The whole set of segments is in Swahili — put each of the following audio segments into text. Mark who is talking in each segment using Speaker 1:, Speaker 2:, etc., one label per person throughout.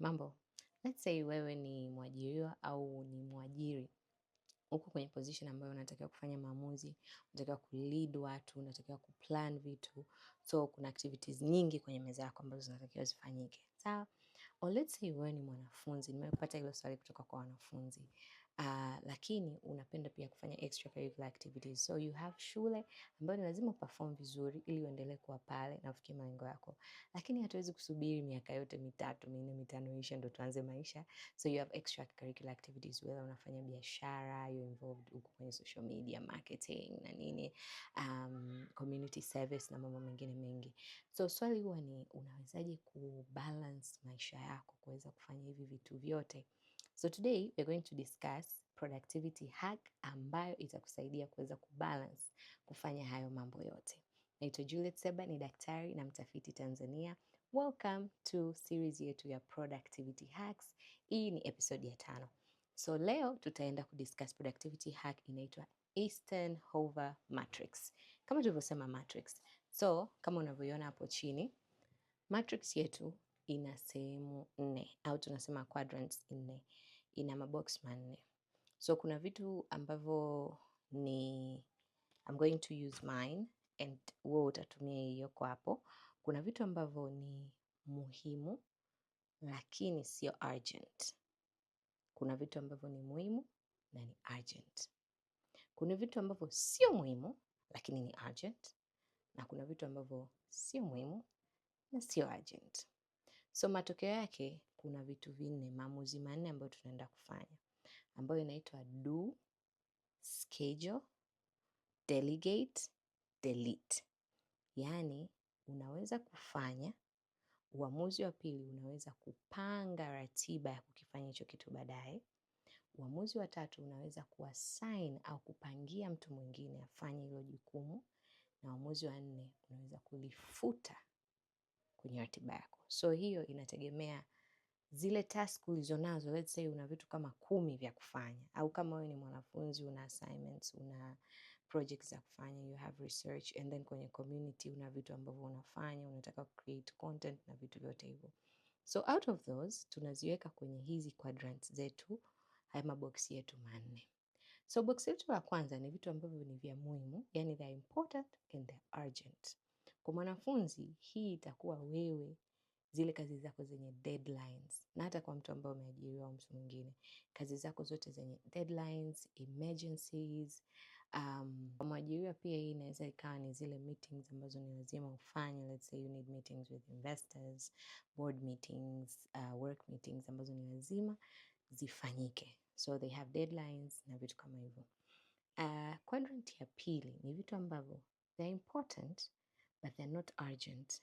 Speaker 1: Mambo. Let's say wewe ni mwajiriwa au ni mwajiri, uko kwenye position ambayo unatakiwa kufanya maamuzi, unatakiwa kulead watu, unatakiwa kuplan vitu, so kuna activities nyingi kwenye meza yako ambazo zinatakiwa zifanyike, sawa? Or let's say wewe ni mwanafunzi. Nimepata hilo swali kutoka kwa wanafunzi uh, lakini unapenda pia kufanya extracurricular activities. So you have shule ambayo ni lazima perform vizuri ili uendelee kuwa pale na ufikie malengo yako, lakini hatuwezi kusubiri miaka yote mitatu minne mitano isha ndo tuanze maisha. So you have extracurricular activities, whether unafanya biashara, you involved uko kwenye social media marketing na nini, um, community service na mambo mengine mengi. So swali huwa ni unawezaje kubalance maisha yako kuweza kufanya hivi vitu vyote So today we're going to discuss productivity hack ambayo itakusaidia kuweza kubalance kufanya hayo mambo yote. Naitwa Juliet Seba, ni daktari na mtafiti Tanzania. Welcome to series yetu ya productivity hacks. Hii ni episode ya tano. So leo tutaenda kudiscuss productivity hack inaitwa Eisenhower matrix, kama tulivyosema matrix. So kama unavyoiona hapo chini, matrix yetu ina sehemu nne au tunasema quadrants nne ina mabox manne. So kuna vitu ambavyo ni I'm going to use mine and wewe utatumia hiyo hapo. Kuna vitu ambavyo ni muhimu lakini sio urgent. Kuna vitu ambavyo ni muhimu na ni urgent. Kuna vitu ambavyo sio muhimu lakini ni urgent, na kuna vitu ambavyo sio muhimu na sio urgent. So matokeo yake kuna vitu vinne, maamuzi manne ambayo tunaenda kufanya ambayo inaitwa do, schedule, delegate, delete. Yaani unaweza kufanya uamuzi wa pili, unaweza kupanga ratiba ya kukifanya hicho kitu baadaye. Uamuzi wa tatu, unaweza kuassign au kupangia mtu mwingine afanye hilo jukumu, na uamuzi wa nne, unaweza kulifuta kwenye ratiba yako. So hiyo inategemea zile task ulizonazo, let's say una vitu kama kumi vya kufanya, au kama wewe ni mwanafunzi una assignments, una projects za kufanya, you have research, and then kwenye community una vitu ambavyo unafanya, unataka create content na vitu vyote hivyo. So out of those tunaziweka kwenye hizi quadrants zetu, haya maboksi yetu manne. So box yetu ya kwanza ni vitu ambavyo ni vya muhimu, yani they are important and they are urgent. Kwa mwanafunzi hii itakuwa wewe zile kazi zako zenye deadlines, na hata kwa mtu ambaye umeajiriwa au mtu mwingine, kazi zako zote zenye deadlines, emergencies. Um, mwajiriwa pia hii inaweza ikawa ni zile meetings ambazo ni lazima ufanye, let's say you need meetings with investors, board meetings, uh, work meetings ambazo ni lazima zifanyike, so they have deadlines na vitu kama hivyo. Uh, quadrant ya pili ni vitu ambavyo they're important but they're not urgent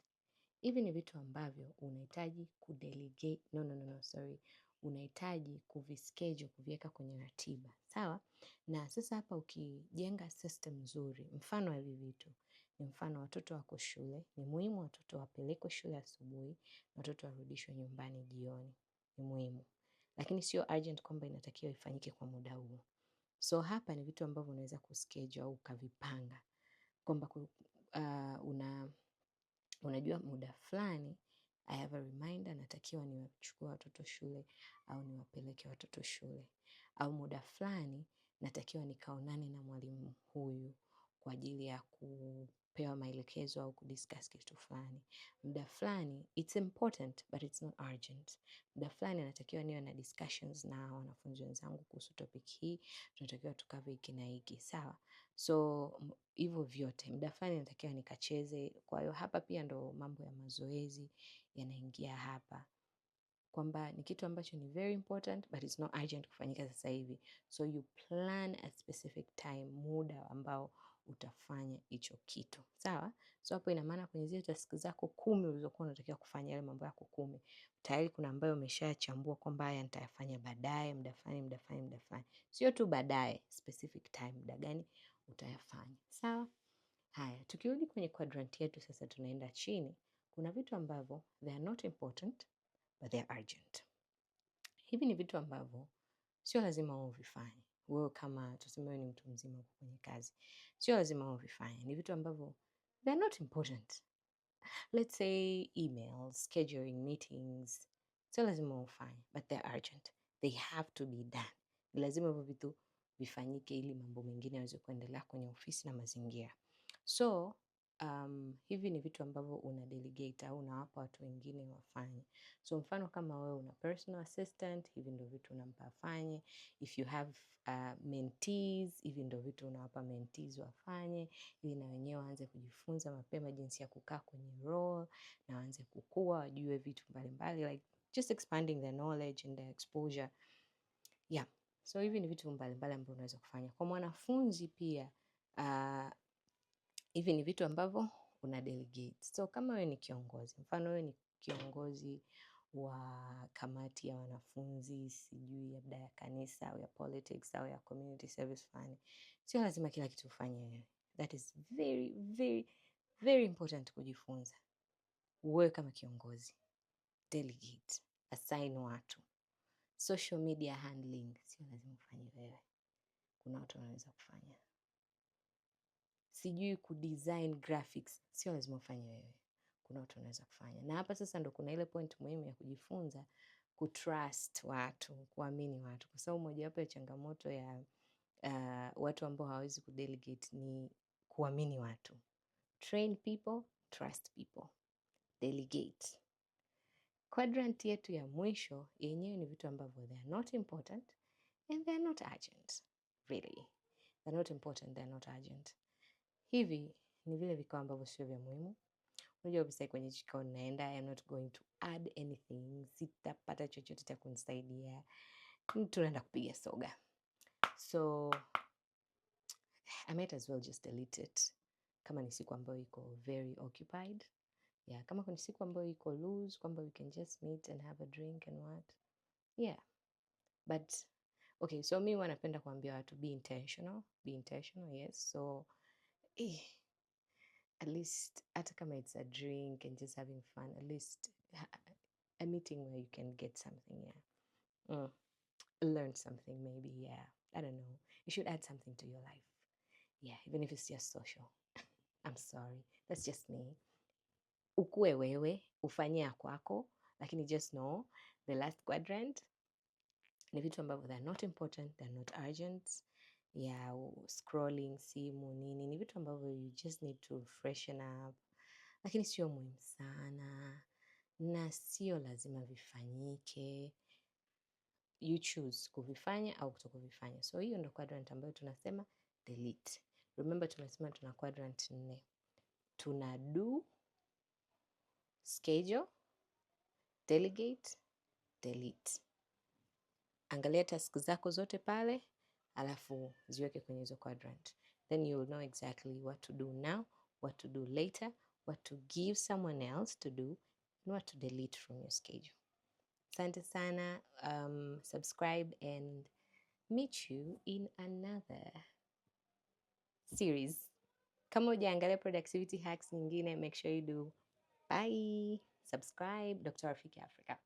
Speaker 1: Hivi ni vitu ambavyo unahitaji kudelegate, no, no, no, no, sorry, unahitaji kuvischedule, kuviweka kwenye ratiba, sawa? Na sasa hapa ukijenga system nzuri, mfano wa hivi vitu ni mfano watoto wako shule, ni muhimu watoto wapelekwe shule asubuhi na watoto warudishwe nyumbani jioni, ni muhimu, lakini sio urgent kwamba inatakiwa ifanyike kwa muda huo. So hapa ni vitu ambavyo unaweza kuschedule au ukavipanga kwamba uh, una unajua muda fulani I have a reminder, natakiwa niwachukua watoto shule au niwapeleke watoto shule, au muda fulani natakiwa nikaonane na mwalimu huyu kwa ajili ya kupewa maelekezo au kudiscuss kitu fulani. Muda fulani it's important but it's not urgent. Muda fulani natakiwa niwe na discussions na wanafunzi wenzangu kuhusu topic hii, tunatakiwa tukave hiki na hiki, sawa. So hivyo vyote muda fulani natakiwa nikacheze. Kwa hiyo hapa pia ndo mambo ya mazoezi yanaingia hapa, kwamba ni kitu ambacho ni very important but it's not urgent kufanyika sasa hivi, so you plan a specific time, muda ambao utafanya hicho kitu sawa. So hapo ina maana kwenye zile task zako kumi ulizokuwa unatakiwa kufanya yale mambo yako kumi, tayari kuna ambayo umeshachambua kwamba haya nitayafanya baadaye, muda fulani, muda fulani, muda fulani, sio tu baadaye, specific time, muda gani utayafanya sawa. Haya, tukirudi kwenye quadrant yetu sasa, tunaenda chini. Kuna vitu ambavyo they are not important but they are urgent. Hivi ni vitu ambavyo sio lazima uvifanye wewe, kama tuseme wewe ni mtu mzima uko kwenye kazi, sio lazima uvifanye. Ni vitu ambavyo they are not important, let's say emails, scheduling meetings, sio lazima ufanye but they are urgent, they have to be done. Ni lazima hivyo vitu vifanyike ili mambo mengine yaweze kuendelea kwenye ofisi na mazingira. So um, hivi ni vitu ambavyo una delegate au unawapa watu wengine wafanye. So mfano kama wewe una personal assistant, hivi ndio vitu unampa afanye. If you have uh, mentees, hivi ndio vitu unawapa mentees wafanye, ili na wenyewe waanze kujifunza mapema jinsi ya kukaa kwenye role na waanze kukua, wajue vitu mbalimbali like just expanding their knowledge and their exposure. Yeah. So hivi ni vitu mbalimbali ambavyo unaweza kufanya kwa mwanafunzi pia. Uh, hivi ni vitu ambavyo una delegate. So kama wewe ni kiongozi, mfano wewe ni kiongozi wa kamati ya wanafunzi, sijui labda ya kanisa au ya politics au ya community service fulani, sio lazima kila kitu ufanye wewe. That is very very very important kujifunza wewe kama kiongozi, delegate, assign watu social media handling sio lazima ufanye wewe, kuna watu wanaweza kufanya. Sijui design graphics sio lazima ufanye wewe, kuna watu wanaweza kufanya. Na hapa sasa ndo kuna ile point muhimu ya kujifunza kutrust watu, kuamini watu, kwa sababu mojawapo ya changamoto ya uh, watu ambao hawawezi kudelegate ni kuamini watu. Train people, trust people, delegate. Quadrant yetu ya mwisho yenyewe ni vitu ambavyo they are not important and they are not urgent. Really. They are not important, they are not urgent. Hivi ni vile vikao ambavyo sio vya muhimu. Unajua kabisa kwenye kikao naenda, I am not going to add anything. Sitapata chochote cha kunisaidia. Tunaenda kupiga soga. So I might as well just delete it. Kama ni siku ambayo iko very occupied, yeah kama kuna siku ambayo iko loose kwamba we can just meet and have a drink and what yeah but okay so mi wanapenda kuambia watu be intentional be intentional yes so eh, at least hata kama it's a drink and just having fun at least a meeting where you can get something yeah mm. learn something maybe yeah i don't know you should add something to your life yeah even if it's just social i'm sorry that's just me ukue wewe, ufanye ya kwako, lakini just know the last quadrant ni vitu ambavyo they're not important, they're not urgent. ya scrolling simu nini ni vitu ambavyo you just need to freshen up, lakini sio muhimu sana na sio lazima vifanyike. You choose kuvifanya au kuto kuvifanya. So hiyo ndo quadrant ambayo tunasema delete. Remember tumesema tuna quadrant nne, tuna do schedule, delegate, delete. Angalia task zako zote pale, alafu ziweke kwenye hizo quadrant, then you will know exactly what to do now, what to do later, what to give someone else to do and what to delete from your schedule. Asante sana. Um, subscribe and meet you in another series. Kama hujaangalia productivity hacks nyingine, make sure you do Bye. Subscribe Dr. Rafiki Africa.